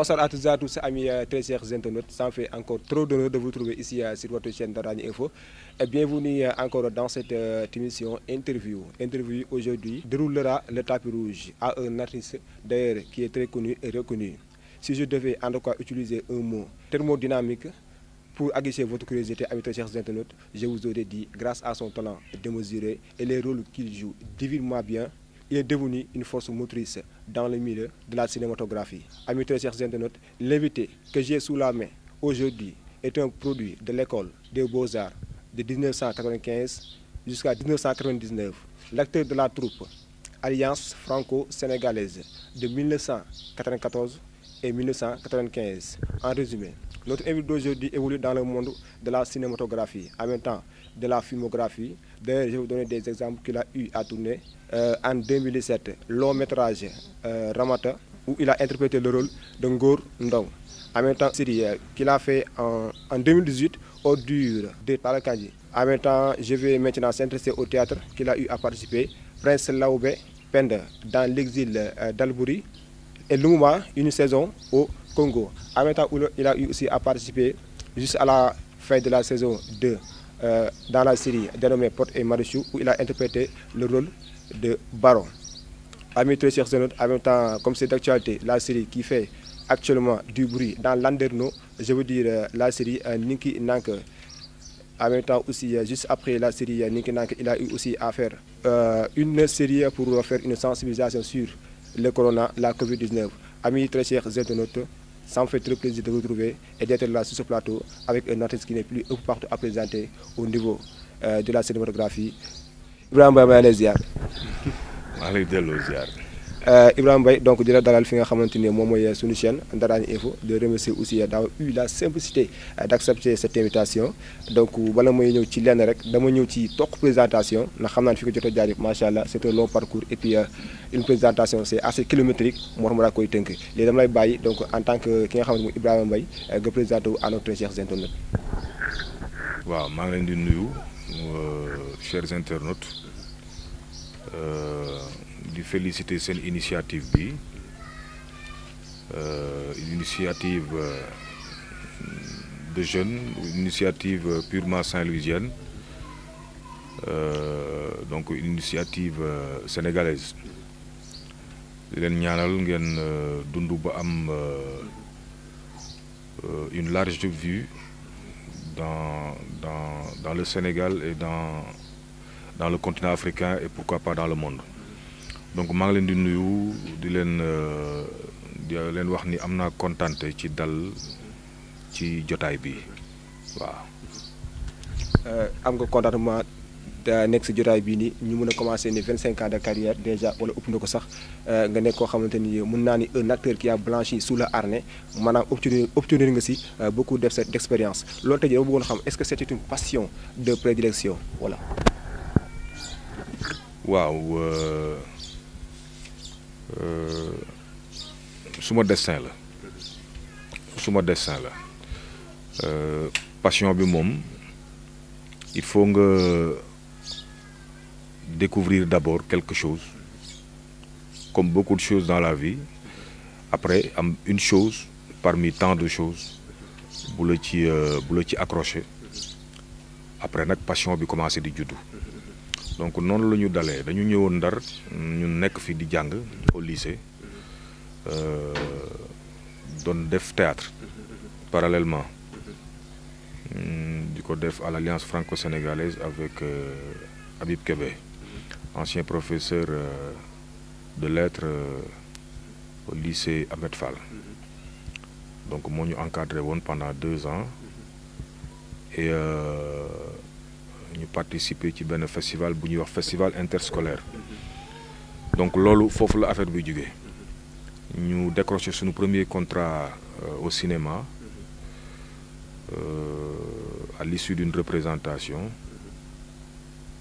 Bonsoir à tous et à tous, amis euh, très chers internautes. Ça me fait encore trop d'honneur de vous trouver ici euh, sur votre chaîne d'Aragne Info. bienvenue euh, encore dans cette émission interview. Interview aujourd'hui déroulera le tapis rouge à un artiste d'ailleurs qui est très connu et reconnu. Si je devais en tout cas utiliser un mot thermodynamique pour agacer votre curiosité, amis très chers internautes, je vous aurais dit, grâce à son talent démesuré et les rôles qu'il joue divinement bien, il est devenu une force motrice dans le milieu de la cinématographie. Amis très chers internautes, l'invité que j'ai sous la main aujourd'hui est un produit de l'école des beaux-arts de 1995 jusqu'à 1999. L'acteur de la troupe Alliance franco-sénégalaise de 1994 et 1995. En résumé, notre invité d'aujourd'hui évolue dans le monde de la cinématographie, en même temps de la filmographie, je vais vous donner des exemples qu'il a eu à tourner euh, en 2007, long métrage euh, Ramata, où il a interprété le rôle de Ngor Ndong. En même temps, euh, qu'il a fait en, 2018 au dur de Palakandji. En même temps, je vais maintenant s'intéresser au théâtre qu'il a eu à participer, Prince Laoube Penda, dans l'exil d'Albouri, et Lumuma, une saison au Congo. En même temps, il a eu aussi à participer jusqu'à la fin de la saison 2 euh, dans la série dénommée Porte et Marichou où il a interprété le rôle de baron. Amis très chers en même temps, comme c'est d'actualité, la série qui fait actuellement du bruit dans l'Anderno, je veux dire euh, la série euh, Niki Nank. En même temps aussi, juste après la série Niki Nank, il a eu aussi à faire une série pour faire une sensibilisation sur le corona, la COVID-19. Amis très chers ça me fait très plaisir de vous retrouver et d'être là sur ce plateau avec un artiste qui n'est plus un partout à présenter au niveau euh, de la cinématographie. vraiment Mbaye ziar. Euh, Ibrahim Bay donc di la dalal fi nga xamante ni moom euh, suñu chaîne Ndaragne Info de remercier aussi euh, d'avoir eu la simplicité d'accepter cette invitation donc wala may ñëw ci lenn rek dama ñëw ci tok présentation na xamna fi ko jot jaar yëpp macha c'est un long parcours et puis une présentation c'est assez kilométrique moo tax ma koy tënk léegi dama lay bàyyi donc en tant que ki nga xamante mooy Ibrahim Bay nga présenté wu à nos très chers internautes. waaw ma ngi leen di nuyu chers internautes féliciter cette initiative bi euh, une initiative euh, de jeunes une initiative euh, purement saint-louisienne donc une initiative sénégalaise une large vue dans dans dans le Sénégal et dans dans le continent africain et pourquoi pas dans le monde donc maa ngi leen di nuyu di leen euh, di leen wax ni am naa kontante ci dal ci jotaay bi waaw. Euh, am nga contentement nekk si jotaay bii nii ñu mën a commencé ni 25 ans de carrière déjà wala upp na ko sax euh, nga nekk koo xamante ni mën naa ni un acteur qui a blanchi sous le harnais maanaam obtenir obtenir nga si beaucoup de cette expérience loolu tey jii dama bëggoon xam est-ce que c'était une passion de prédilection voilà. waaw. Euh suma destin dessin suma destin la euh, passion bi il faut découvrir d'abord quelque chose comme beaucoup de choses dans la vie après une chose parmi tant de choses pour la ci après euh, la ci accroché après notre passion bi commencé di donc nous la ñu nous dañu ñëwoon ndar sommes nekk fi di au lycée euh, don def théâtre parallèlement à l'alliance franco-sénégalaise avec euh, Habib Kebé, ancien professeur euh, de lettres au lycée Ahmed Fall donc nous encadré pendant deux ans et nous participer à un festival festival interscolaire donc ce que la affaire fait. Nous avons décroché notre premier contrat euh, au cinéma euh, à l'issue d'une représentation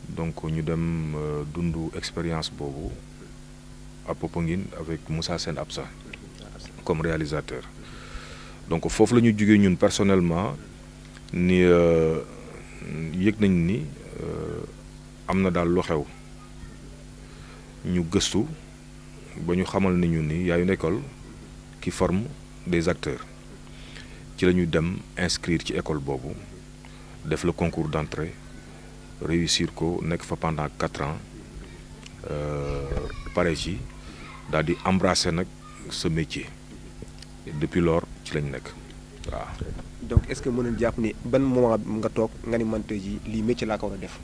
donc avons eu une expérience à Popongine avec Moussa Sen Absa comme réalisateur donc ce la ñu avons ñun personnellement ni. Euh, yéeg nañ ni euh, am na daal lu xew ñu gëstu ba ñu xamal ni ñu ni yaayu école qui forme des acteurs ci la ñu dem inscrire ci école boobu def le concours d'entrée réussir ko nekk fa pendant quatre ans euh, pare ci daal di embrasser nag ce métier depuis lors ci lañ nekk waaw. donc est-ce que mën nañu jàpp ni ban moment nga toog nga ni man tey jii lii métier laa ko war a def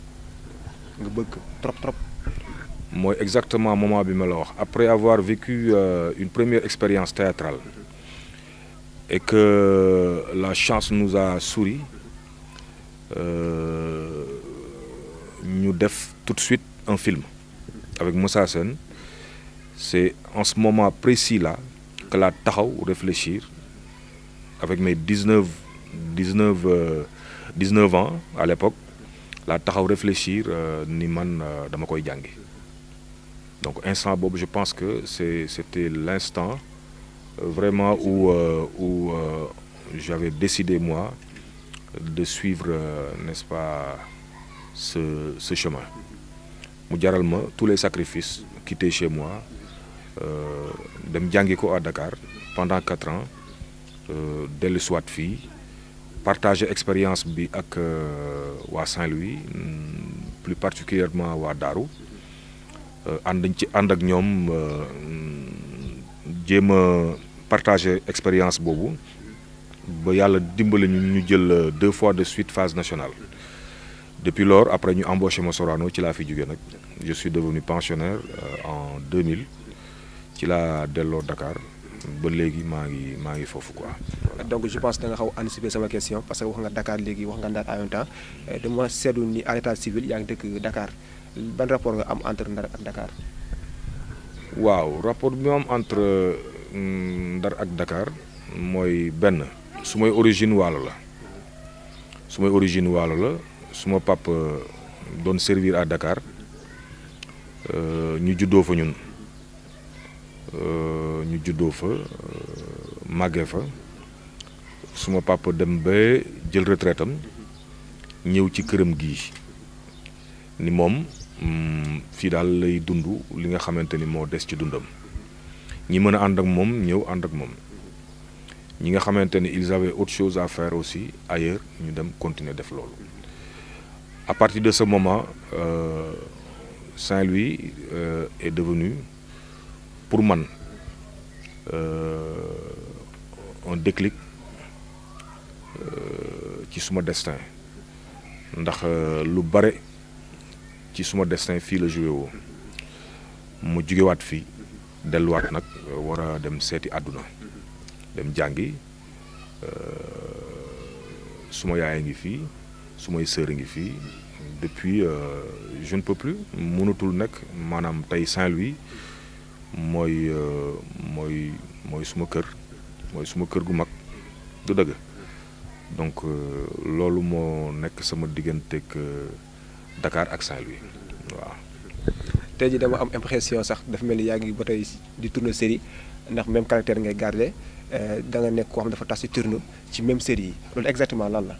nga bëgg trop trop. mooy exactement moment bi wax après avoir vécu euh, une première expérience théâtrale et que la chance nous a souri euh, ñu devons def tout de suite un film avec Moussa Sen c'est en ce moment précis là que la taxaw réfléchir avec mes 19 19 19 euh, ans à l'époque la taxaw réfléchir euh, ni man euh, dama koy donc instant Bob, je pense que c'était l'instant vraiment où j'avais décidé moi de suivre n'est-ce pas ce chemin tous les sacrifices quittés chez moi de jàngi à Dakar pendant 4 ans dès le soir de fille partager expérience bi ak euh, Saint-Louis mm, plus particulièrement avec Darou. Euh, ànd ci and ak ñom euh, jema partager expérience bobu ba yalla dimbali ñu ñu jël deux fois de suite phase nationale depuis lors après ñu embauché ma Sorano je suis devenu pensionnaire en 2000 ci la dello Dakar ba léegi maa ngi maa quoi. donc je pense da nga xaw anticiper sa question parce que wax nga Dakar légui wax nga Ndar en même temps euh, dama seetlu ni à l'état civil yaa ngi dëkk Dakar ban rapport nga am entre Ndar ak Dakar. waaw rapport bi ma am entre mm, Ndar ak Dakar moy ben su origine waalo la su origine waalo la suma ma pap euh, doon servir à Dakar euh ñu juddoo fa ñun. euh ñu juddoo fa euh, màggee fa suma papa dem ba jël retraite am ñëw ci këram gii ni moom mm, fii daal lay dund li nga xamante ni moo des ci dundam ñi mën a ànd ak moom ñëw ànd ak moom ñi nga xamante ni ils avaient autre chose à faire aussi ailleurs ñu dem continuer def loolu à partir de ce moment euh, Saint-Louis euh, est devenu pour man euh, un déclic Qui euh, suma destin ndax euh, lu bare ci suma destin fi le joué wo mu wat dem séti aduna dem euh suma yaay ngi fi sumay sœur ngi depuis je ne peux plus nak manam tay Saint-Louis mooy euh, mooy mooy suma kër mooy suma kër gu mag du dëgg donc euh, loolu moo nekk sama diggante digganteeg euh, Dakar ak Saint-Louis waaw. tey jii dama am impression sax dafa mel ni yaa ngi ba tey di tourner série ndax même caractère ngay garder da nga nekk koo xam dafa tas ci tourner ci même série yi loolu exactement lan la.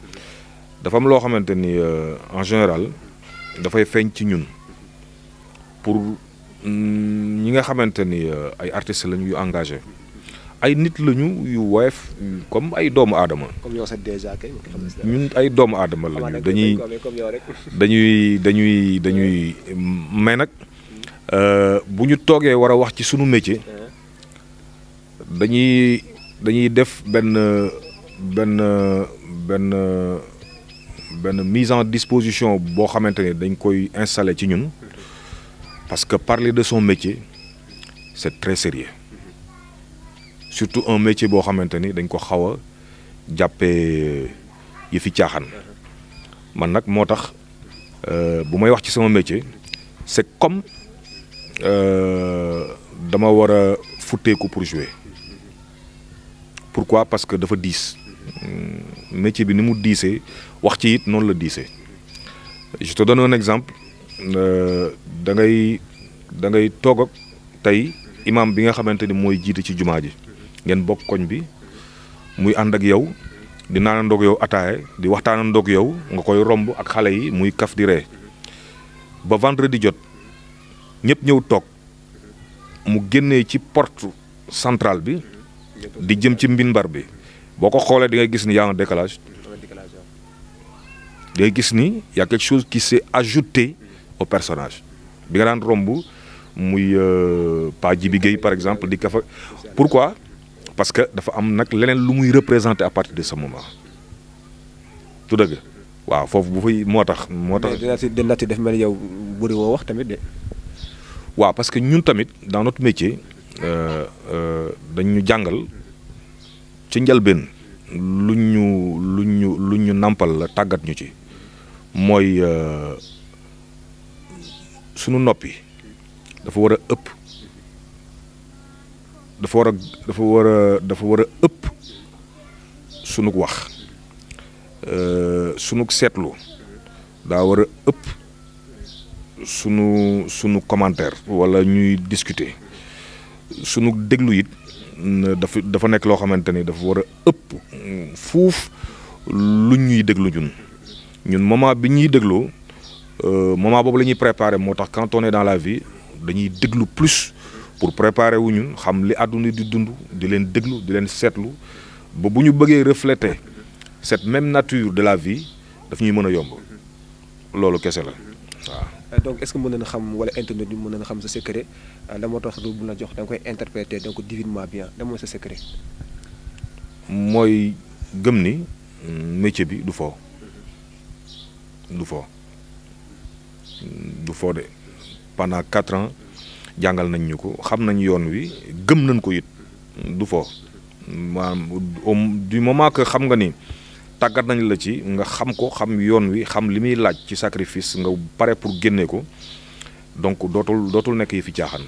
dafa loo xamante ni euh, en général dafay feeñ ci ñun pour mm, ñi nga xamante ni euh, ay artistes lañu yu engagé ay nit lañu yu woyof comme ay doomu aadama. comme yow sax déjà kay ñun ay doomu aadama lañu dañuy dañuy dañuy dañuy mais nag euh, bu ñu toogee war a wax ci sunu métier dañuy dañuy def benn benn benn. une mise en disposition boo xamante dañ koy installer ci ñun parce que parler de son métier c'est très sérieux surtout un métier boo xamante ni dañ ko xaw a jàppee euh, yi fi caaxaan man nag moo tax euh, bu may wax ci sama métier c'est comme euh, dama war a futteeku pour jouer pourquoi parce que dafa 10. métier bi ni mu diisee wax ci it noonu la diisee je te donne un exemple euh, dangay ngay da ngay toog ak tey imam bi nga xamante ni mooy jiite ci jumaa ji ngeen bokk koñ bi muy ànd ak yow di naanandoog yow ataaye di waxtaanandoog yow nga koy romb ak xale yi muy kaf di ree ba jot ñëpp ñëw toog mu génnee ci porte centrale bi di jëm ci mbinbar bi boko xolé xoolee di nga gis ni y a un décalage di nga gis ni y a quelque chose qui s'est ajouté au personnage bi nga dan rombu muy euh, Pa Djibi Guèye par exemple di kafa pourquoi parce que dafa am nak lenen lu muy représenter à partir de ce moment Tout dëgg waaw fofu bu fay motax motax da ci dinaa ci def mel yow buri wo wax tamit de waaw parce que ñun tamit dans notre métier euh, euh, dañu jàngal ci njëlbeen lu ñu lu ñu lu ñu nàmpal la tàggat ñu ci mooy euh, sunu noppi dafa war a ëpp dafa war a dafa war a dafa war a ëpp sunug wax euh, sunug seetlu daa war a ëpp sunu sunu commentaire walla ñuy discuter sunu déglu it dafa dafa nekk loo xamante dafa wara a ëpp fuuf lu ñuy déglu ñun ñun moment bi ñuy dégloo euh, moment boobu la préparer motax quand on est dans la vie dañuy déglu plus pour préparer wu ñun xam li àdduna di dund di leen déglu di leen seetlu ba bu ñu bëggee refléter cette même nature de la vie daf ñuy mën a yomb loolu kese la waaw. Euh, donc est ce que mën xam wala internet secret euh, la tax donc divinement bien da sa secret. Mm, métier bi du mm-hmm. du du de pendant 4 ans jangal nañ ñuko xam nañ yoon wi nañ ko du moment que xam nga tàggat nañ la ci nga xam ko xam yoon wi xam li muy laaj ci sacrifice nga pare pour génne ko donc dootul dootul nekk yi fi caaxaan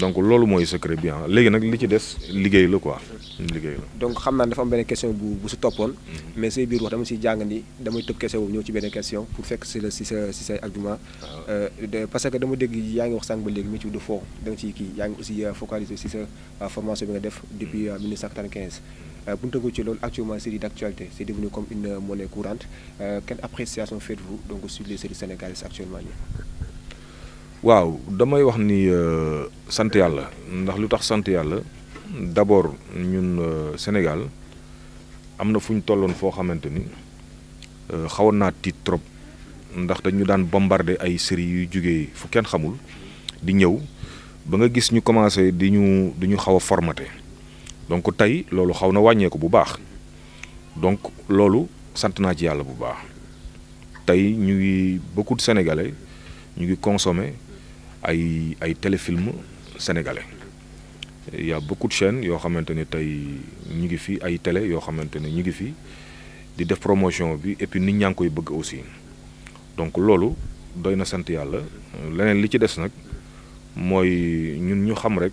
donc loolu mooy secret bi ah. léegi nag li ci des liggéey la ko liggéey la. donc xam naa dafa am benn question bu bu si toppoon. Mhm. mais say biir wax dama si jàng ni damay tëb question boobu ñëw ci benn question pour fekk si la si sa si say argument. Ah. Euh, parce que dama dégg yaa ngi wax sànq ba léegi métier de fond da nga ciy kii yaa ngi aussi euh, focaliser si sa euh, formation bi nga def depuis 1995. Euh, bu ñu ci loolu actuellement série d'actualité c'est devenu comme une euh, monnaie courante euh, quelle appréciation faites-vous donc sur les séries sénégalaises actuellement nii. waaw damay wax ni sant yàlla ndax lu tax sant d'abord ñun Sénégal am na fu ñu tolloon foo xamante ni xawoon naa tiit trop ndax dañu daan bombarder ay séries yuy jógee fu kenn xamul di ñëw ba nga gis ñu commencé di ñu di ñu xaw formaté donc tay lolu xawna na wàññeeku bu baax donc lolu sant na ci yalla bu baax tay ñuy beaucoup de sénégalais ñu ngi consommer ay ay téléfilms sénégalais il y a beaucoup de chaînes yo xamanteni tay tey ñu ngi fi ay télé yo xamanteni ne ñu ngi fi di def promotion bi et puis nit ñang koy bëgg aussi donc lolu doyna sant yalla leneen li ci des nak moy ñun ñu xam rek.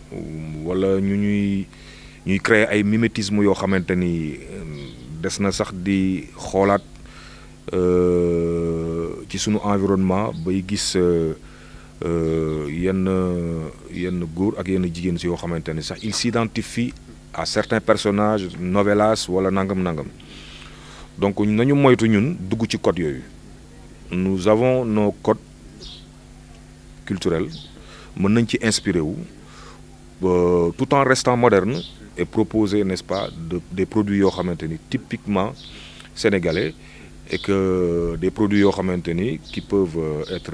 wala ñu ñuy ñuy créer ay mimétisme yoo xamante ni euh, des na sax di xoolaat euh, ci sunu environnement bay gis euh, yenn yenn góor ak yenn jigéen si yoo xamante ni sax il s'identifie à certains personnages novelas wala nangam-nangam donc nañu moytu ñun dugg ci code yooyu nous avons nos codes culturels mën nañ ci inspiré wu euh, tout en restant moderne et proposer, n'est-ce pas, des produits aura typiquement sénégalais et que euh, des produits aura qui peuvent euh, être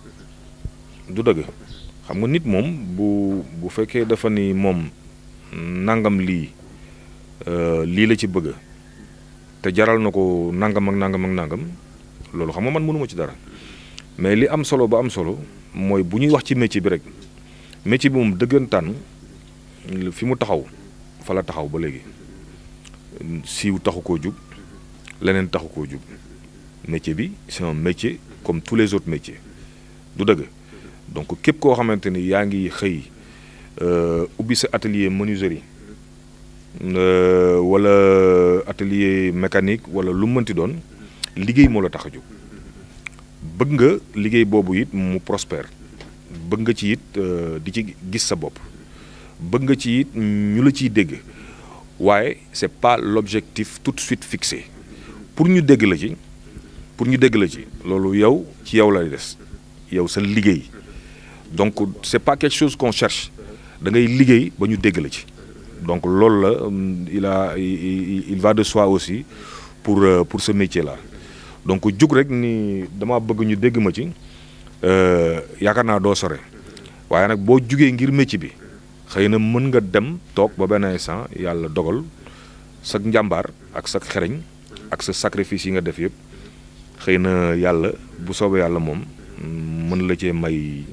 du dëgg xam nga nit moom bu bu fekkee dafa ni moom nangam lii euh, lii la ci bëgg te jaral na ko nangam ak nangam ak nangam loolu xam nga man mënuma ci dara mais li am solo ba am solo mooy bu ñuy wax ci métier bi rek métier bi moom dëggantaan fi mu taxaw fa la taxaw ba léegi siiw taxu koo jub leneen taxu koo jub métier bi c'est un comme tous les autres métiers du dëgg donc képp koo xamante ni yaa ngi xëy euh, ubbi sa atelier menuiserie euh, wala atelier mécanique wala lu mënti doon liggéey moo la tax a jóg bëgg nga liggéey boobu it mu prospère bëgg nga ci it euh, di ci gis sa bopp bëgg nga ci it ñu la ciy dégg waaye c'est pas l'objectif tout de suite fixé pour ñu dégg la ci pour ñu dégg la ci loolu yow ci yow lay des yow sa liggéey donc c'est pas quelque chose qu'on cherche da ngay liggéey ba dégg la ci donc loolu la hum, il a il va de soi aussi pour euh, pour ce métier là donc jug rek ni dama bëgg ñu dégg ma ci euh, yaakaar naa doo sore waaye nag boo jugee ngir métier bi xëy na mën nga dem toog ba benn instant yàlla dogal sa njàmbaar ak sa xereñ ak sa sacrifice yi nga def yëpp xëy na le bu soobee yàlla moom mën la cee may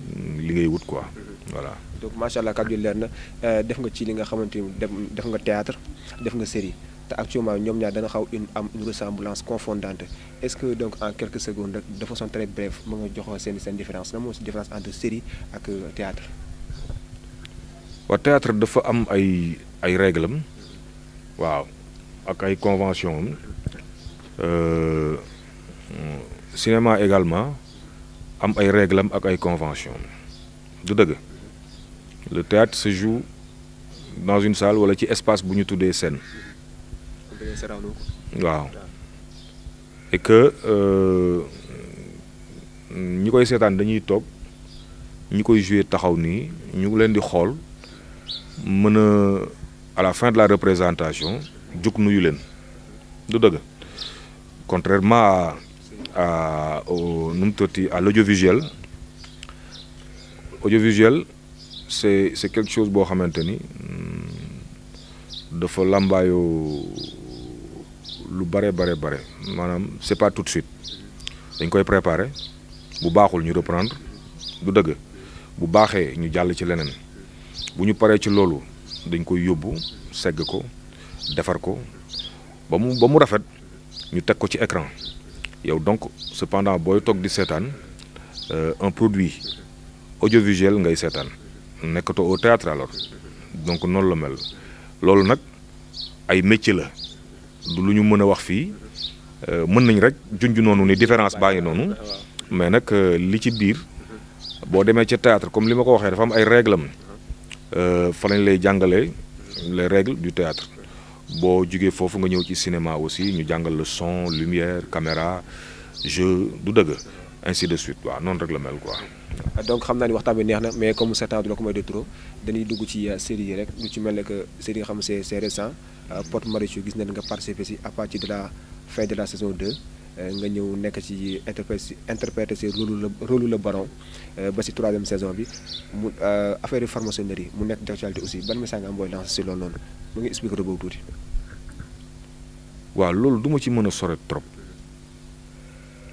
li wut quoi voilà. donc machallah kaddu kàddu leer euh, def nga ci li nga xamanteni def nga théâtre def nga série ta actuellement ñom ñaar dana xaw une am une ressemblance confondante est-ce que donc en quelques secondes de façon très bref mën nga joxoo seen seen différence lan mo ci différence entre série ak euh, théâtre wa théâtre dafa am ay ay réglam waaw ak ay conventions euh cinéma également am ay réglam ak ay conventions du deug le théâtre se joue dans une salle wala ci espace buñu tuddé scène waaw et que euh, ñi koy sétane dañuy tok ñi koy jouer taxaw ni ñu leen di xol mëna à la fin de la représentation juk nuyu leen du deug contrairement à à au nu mu à l'audiovisuel audiovisuel c'est quelque chose boo xamante de nous lu bare bare bare ce c'est pas tout de suite On koy préparer bu ñu reprendre du bu baaxee ñu nous ci bu ñu paree ci loolu koy ko bon ko ba mu ba mu écran yow donc cependant boy toog di euh, un produit audiovisuel ngay sétane nekkatoo au théâtre alors donc non la mel lolou nak ay métier la du luñu mëna mën a wax fii euh, mën nañ rek junj nonu ni différence baa nonu mais nak euh, li ci bir bo démé ci théâtre comme limako waxé dafa am ay euh fa lañ lay jàngalé les règles du théâtre bo jugee fofu nga ñëw ci cinéma aussi ñu jàngal le son lumière caméra jeu du dëgg ainsi de suite quoi non la quoi. donc xam ni bi neex mais comme certains du la de trop dañuy dugg ci euh, série rek que série xam récent euh, Pod Marichou gis nañ nga à partir de la fin de la saison 2 euh, nga ñëw nekk ci interpréter rôle le baron ba si troisième saison bi affaire de franc mu d'actualité aussi ban message nga lancer mu ngi expliquer waaw loolu ci trop.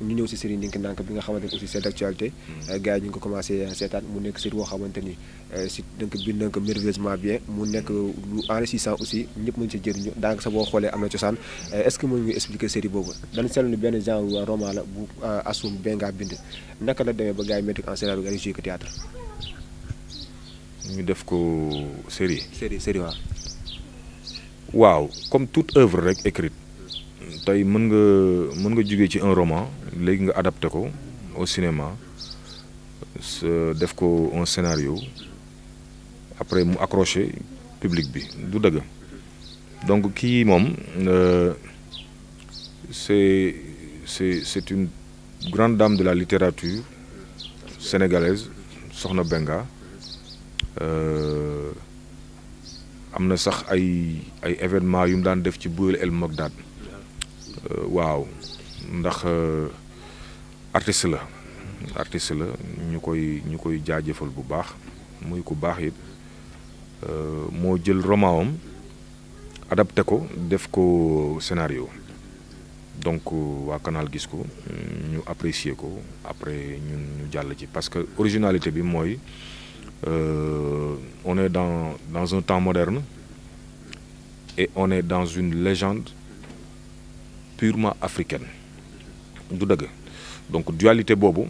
ñu ñëw si série Ndinki Nanka bi nga xamante ni aussi c'est d'actualité mm. euh, gars yi ñu ngi ko commencé euh, seetaan mu nekk série boo xamante ni euh, si donc biir nañ ko bien mu nekk lu enrichissant aussi ñëpp mën si jëriñu daanaka sa boo xoolee am na cosaan ce que mën nga expliquer série boobu dañ seetlu ni benn genre roman la bu Assoum Benga bind naka la demee ba gars yi mettre en scène bi nga ñu def ko série série série waaw waaw comme toute œuvre rek écrite tey mën nga mën nga jóge ci un roman léegi nga adapté au cinéma se def un scénario après mu accroché public bi du dëgg donc qui euh c'est c'est c'est une grande dame de la littérature sénégalaise Sorna Benga euh amna sax ay ay événements yum daan def ci El euh waaw ndax euh, artiste la artiste la ñu koy ñu koy jaajëfal bu baax muy ku baax it euh, mo jël roman adapté ko def ko scénario donc euh, wa Canal gis ko ñu apprécier ko après ñu ñu jall ci parce que originalité bi euh, on est dans dans un temps moderne et on est dans une légende purement africaine du deug donc dualité bobo,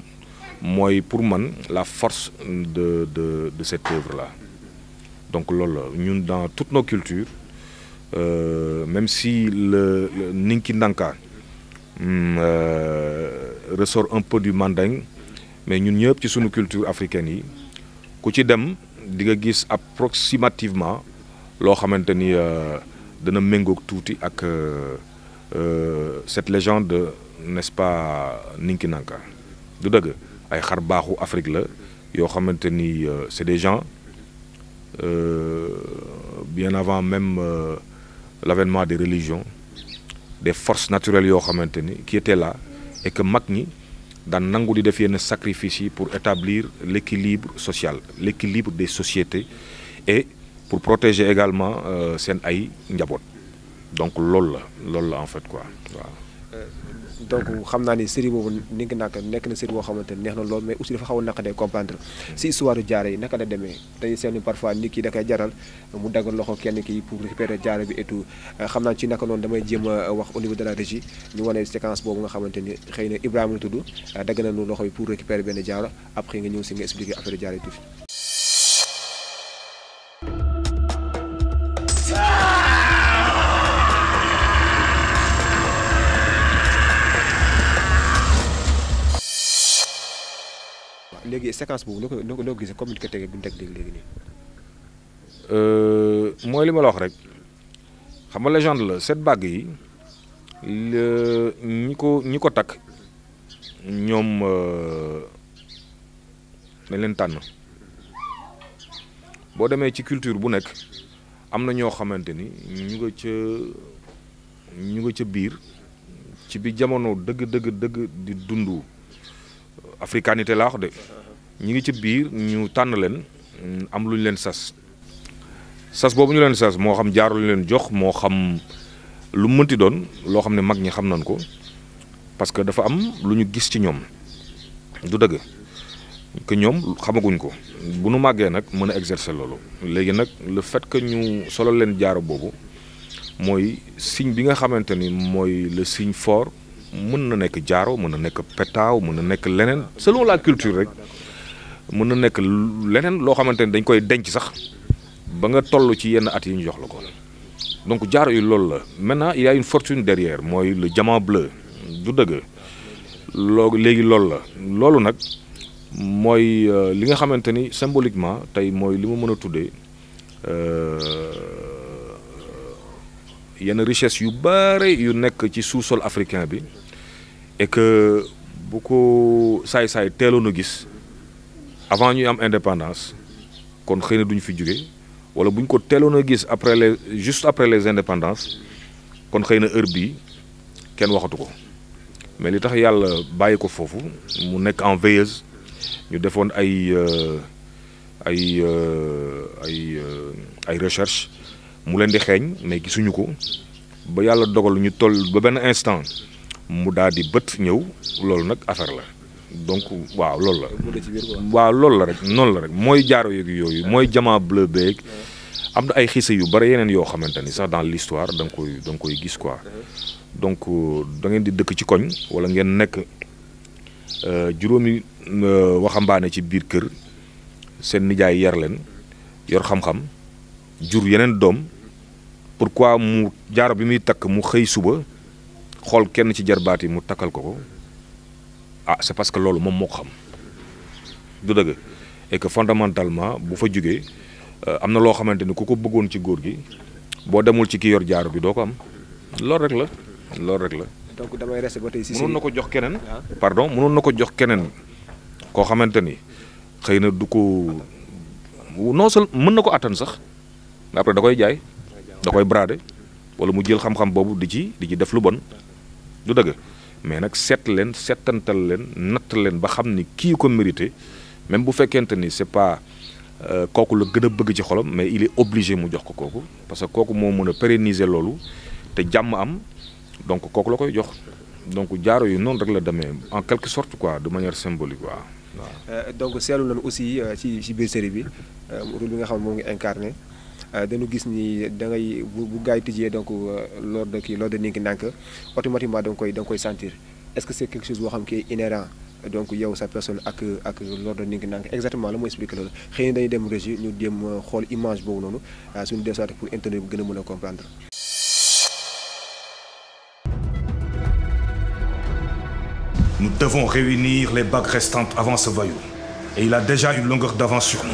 moi pour moi la force de cette œuvre là donc nous, dans toutes nos cultures euh, même si le, Ninkindanka hmm, euh, ressort un peu du manding mais nous sommes ci culture africaine yi ku dem approximativement nous avons ni euh, dana ak cette légende n'est-ce pas ninkinanka du deug ay xar Afrique la yo xamanteni euh, c'est des gens euh, bien avant même euh, l'avènement des religions des forces naturelles qui étaient là et que maintenant, dans ont sacrifice pour établir l'équilibre social l'équilibre des sociétés et pour protéger également sen ay donc l'ol la en fait quoi donc xam naa ni série boobu ni ngi nak nekk na série boo xamante neex na lool mais aussi dafa xaw a naqadee comprendre si histoire jaare yi naka la deme tey seenu parfois nit ki da koy jaral mu daggal loxo kenn ki pour récupérer jaare bi et xam naa ci naka noonu damay jéem a wax au niveau de la régie ñu wane séquence boobu nga xamante ni xëy na Ibrahima tudd dagg na nu loxo bi pour récupérer benn jaaro après nga ñëw si nga expliquer affaire jaare léegi boobu noo ko noo ko gisee comme ni ko tegee bu ñu teg euh, mooy li ma la wax rek xam nga légende la cette bague yi ñi ko ñi ko takk ñoom euh, dañ leen tànn boo demee ci culture bu nekk am na ñoo xamante ni ñu nga ca ñu nga ca biir ci bi jamono dëgg dëgg dëgg di dund africanité laa wax de ñi ngi ci biir ñu tànn leen am lu ñu leen sas sas boobu ñu leen sas moo xam jaar lu ñu leen jox moo xam lu mënti doon loo xam ne mag ñi xam nañ ko parce que dafa am lu ñu gis ci ñoom du dëgg que ñoom xamaguñ ko bu nu màggee nag mën a exercer loolu léegi nag le fait que ñu solo leen jaaro boobu mooy signe bi nga xamante ni mooy le signe fort mën na nekk jaaro mën na nekk petaaw mën na nekk leneen selon la culture rek mën na nekk leneen loo xamante ni dañ koy denc sax ba nga toll ci yenn at yi ñu jox la ko donc jaaro yu loolu la maintenant il y a une mooy le diamant bleu du dëgg léegi loolu la loolu nag mooy euh, li nga xamante ni symboliquement tey mooy li mu mën a tuddee euh, yenn richesse yu baare yu nekk ci sous-sol africain bi et que bu ko saay-saay teeloon a gis avant ñuy am indépendance kon xëy na duñu fi jóge wala buñ ko teeloon a gis après les juste après les indépendances kon xëy na heure bii kenn waxatu ko mais li tax yàlla bàyyi ko foofu mu nekk en veilleuse ñu defoon ay euh, ay euh, ay euh, ay recherche mu leen di xeeñ mais gisuñu ko ba yàlla dogal ñu toll ba benn instant mu daal di bët ñëw loolu nag affaire la donc waaw loolu la. waaw loolu la rek noonu la rek mooy jaaro yeeg yooyu mooy jamaa bleu beeg. am na ay xiisa yu bari yeneen yoo xamante ni sax dans l'histoire da nga koy da koy gis quoi donc euh, da ngeen di dëkk ci koñ wala ngeen nekk euh, juróomi euh, waxambaane ci biir kër seen nijaay yar leen yor xam-xam jur yeneen doom pour pourquoi mu jaaro bi muy takk mu xëy suba xool kenn ci jarbaat yi mu takkal ko ko ah c'est parce que lolu mom moo ke xam du deug et que fondamentalement bu fa jugee euh, am lo xamanteni kuko ni bëggoon ci goor gi bo demul ci ki yor jaar bi do ko am lolu rek la lolu rek la. donc damay ba mënon nako jox kenen ah. pardon mënon nako jox kenen ko xamanteni xeyna du ko non seul mën nako atane sax après da koy jaay da koy brader wala mu jël xam-xam bobu di ci di ci def lu bon du deug mais nag set leen seetantal leen natt leen ba xam ni kii ko mérité même bu fekkente ni c'est pas euh, kooku la gën a bëgg ci xolam mais il est obligé mu jox ko kooku parce que kooku moo mën a pérenniser loolu te jàmm am donc kooku la koy jox donc jaaro yu noonu rek la demee en quelque sorte quoi de manière symbolique waaw. Euh, donc seetlu nañu aussi euh, ci ci biir série bi rôle bi nga xam ne moo ngi incarné. Euh, dañu gis ni da ngay bu bu gars tijjee donc euh, lors de kii lors de ninki nànk automatiquement da nga koy da nga koy sentir est-ce que c'est quelque chose boo xam ki inhérent donc yow sa personne ak ak l'ordre ninki nank exactement la moo expliqué loolu xëy na dañuy dem régie ñu dem euh, xool image boobu noonu suñu desaate pour internet bu gën a mën a comprendre Nous devons réunir les bagues restantes avant ce voyou. Et il a déjà une longueur d'avance sur nous.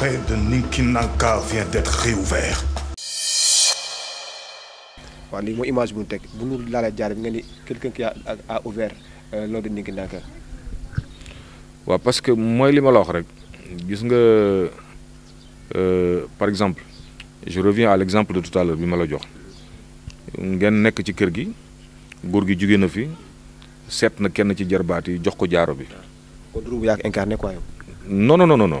près de Ninkinanka vient d'être réouvert. waaw lii mooy image bu ñu teg bu ñu laalee jaar bi nga quelqu'un qui a a ouvert euh, loolu di Ninkinanka. waaw parce que moi, li ma la wax rek gis nga euh, par exemple je reviens à l'exemple de tout à l'heure bi ma la jox ngeen nekk ci kër gi góor gi jugee na fi seet na kenn ci jarbaat yi jox ko jaaro bi. kon rôle bu incarné quoi yow. non non non non.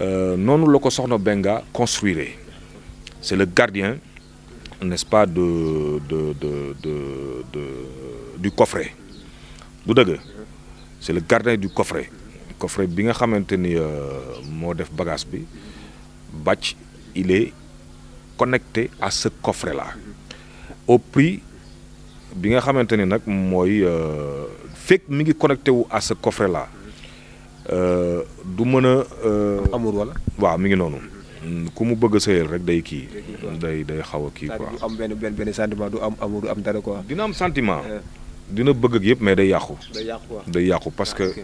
Euh, Nonu la Benga construire c'est le gardien n'est-ce pas de de de de du coffret du c'est le gardien du coffret coffret bi nga xamante ni Bagasbi, euh, def bagage il est connecté à ce coffret là au prix bi nga xamante ni nag mooy euh, mi à ce coffret là Euh, du mën a. Euh, amul wala. waaw mi ngi noonu. Mm, ku mu bëgg a sëyal rek day kii. day day xaw a kii quoi. du am benn benn benn sentiment du am amul du am dara quoi. dina am sentiment. Euh. dina bëgg ak yëpp mais day yàqu. day yàqu quoi yàqu parce ah, que.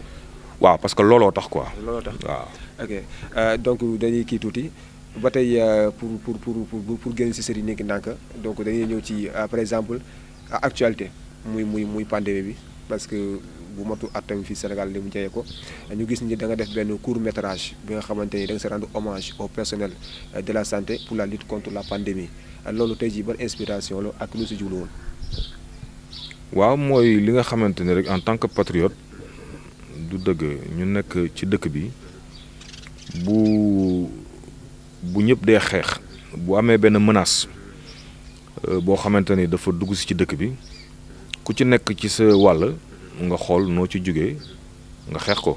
waaw parce que looloo tax quoi. looloo tax waaw. donc dañuy kii tuuti. ba tey pour pour pour pour pour génn si sëriñ nekk ndànk donc dañuy ñëw ci par exemple actualité muy muy muy pandémie bi parce que bu matu atam fi Sénégal li mu jëyee ko ñu gis ni da nga def ben court métrage bi nga xamanteni ni da nga si rendre hommage au personnel euh, de la santé pour la lutte contre la pandémie lolu tay ji ban inspiration lo ak lu si jublu woon. waaw moy li nga xamanteni rek en tant que patriote du deug ñu nek ci dëkk bi bu bu ñëpp dee xex bu amé ben menace euh, bo xamanteni ni dafa dugg si ci dëkk bi ku ci nek ci sa wàll nga xol no ci jógee nga xex ko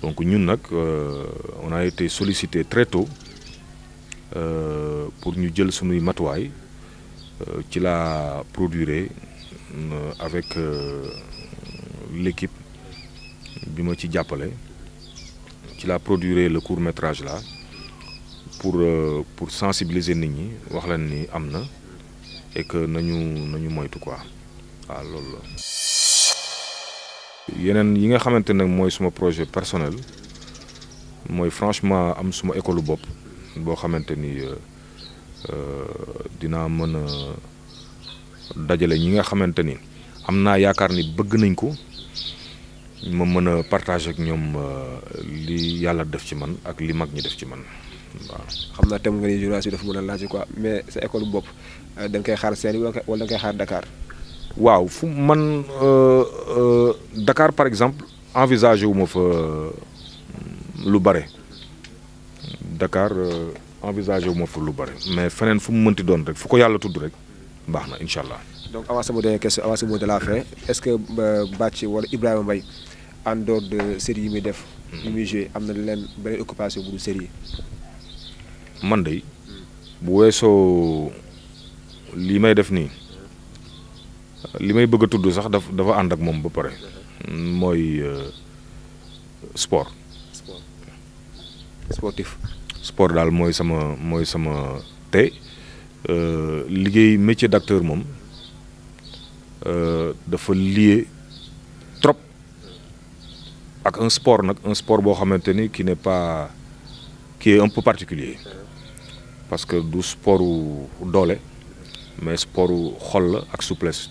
donc ñun nag euh, on a été sollicité très tôt euh, pour ñu jël sunuy matuwaay euh, ci la produire euh, avec l'équipe bima ci jappalé ci la produire le court métrage là pour pour sensibiliser nit ñi wax lan ni amna et que nañu nañu moytu quoi ah loolu yeneen yi nga xamante nag mooy suma projet personnel mooy franchement am suma école bopp boo xamante ni euh, euh, dinaa mën a dajale ñi nga xamante ni am naa yaakaar ni bëgg nañ ko ma mën a partager ak ñoom euh, li yàlla def ci man ak li mag ñi def ci man waaw. xam naa thème nga ni journaliste bi dafa mën a laaj quoi mais sa école bopp da nga koy xaar seen louis wala da koy xaar Dakar. waaw fu man euh, euh, Dakar par exemple envisagé wu ma fa euh, lu bare Dakar euh, envisagé wu ma fa lu bare mais feneen fu mu mënti doon rek fu ko yàlla tudd rek baax na incha donc avant sama dernière question avant ce mot de la fin est-ce que Bathie wala Ibrahima Mbaye en dehors de série yi muy def. yu muy joué am na leen beneen occupation bu dul série yi. man de bu weesoo lii may def nii li may bëgg a tudd sax daf dafa ànd ak moom ba pare mooy euh, sport. sportif. sport daal mooy sama mooy sama te euh, liggéey métier d'acteur moom euh, dafa lié trop ak un sport nag un sport boo xamante ni qui n'est pas qui est un peu particulier parce que du sportu doole mais sportu xol la ak souplesse.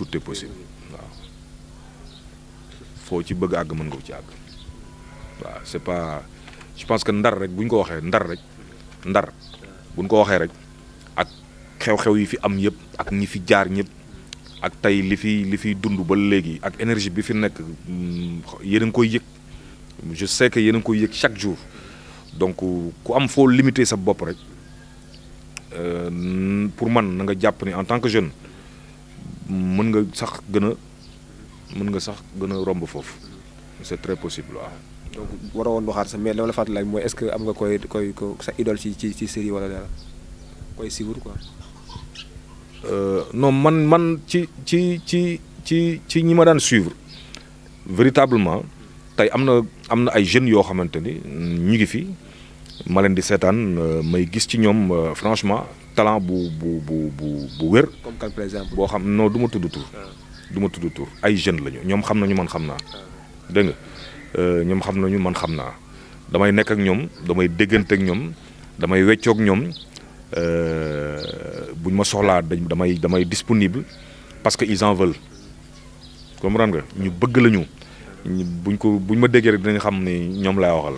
tout est possible waaw foo ci bëgg àgg mën nga ko ci àgg waaw c'est pas je pense que ndar rek bu ñu ko waxee ndar rek ndar buñ ko waxee rek ak xew-xew yi fi am yëpp ak ñi fi jaar ñëpp ak tey li fi li fi dund ba léegi ak énergie bi fi nekk mm, yéen a ngi koy yëg je sais que yéen koy yëg chaque jour donc ku am foo limiter sa bopp rek euh, pour man na nga jàpp ni en tant que jeune. mën nga sax gën a mën nga sax gën a romb foofu c' est très possible waaw. donc waroon waxaat sa mais la fàttali mooy est ce que am nga koy koy ko sa idole ci ci ci série wala dara koy siwur quoi. Euh, non man man ci ci ci ci ci ñi ma daan suivre véritablement tey am na am na ay jeunes yoo xamante ni ñu ngi fi ma leen di seetaan euh, may gis ci ñoom euh, franchement. talent bu bu bu bu bu wér. comme boo xam non du ma tudd tur. Ah. du ma tudd tur ay jeunes lañu ñoom xam nañu man xam naa. Ah. dégg nga euh, ñoom xam nañu man xam naa damay nekk ak ñoom damay déggante ak ñoom damay weccook ñoom euh, buñ ma soxlaa dañ damay damay disponible parce que ils en veulent comprendre nga ñu bëgg lañu buñ ko buñ ma déggee rek dinañ xam ni ñoom laay waxal.